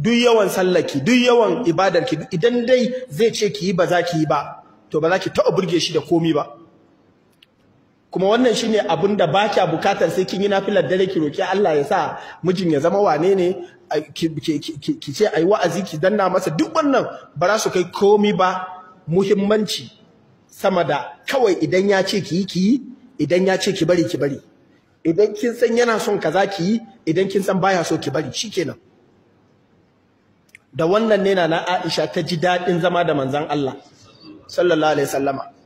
duk yawan sallaki duk yawan ibadarki idan dai zai ce ki yi ba za ki yi ba to ba za ki taɓa burge shi da komi ba kuma wannan shine abin da ba kya bukatar sai kin yi nafilar dare ki roƙi Allah ya sa mijin ya zama wane ne ki ce a yi wa'azi ki danna masa duk wannan ba za su kai komi ba muhimmanci sama da kawai idan ya ce ki yi ki yi idan ya ce ki bari ki bari idan kin san yana son kaza ki yi idan kin san baya so ki bari shi shikenan da wannan ne na Aisha ta ji daɗin zama da manzon Allah sallallahu alaihi wasallama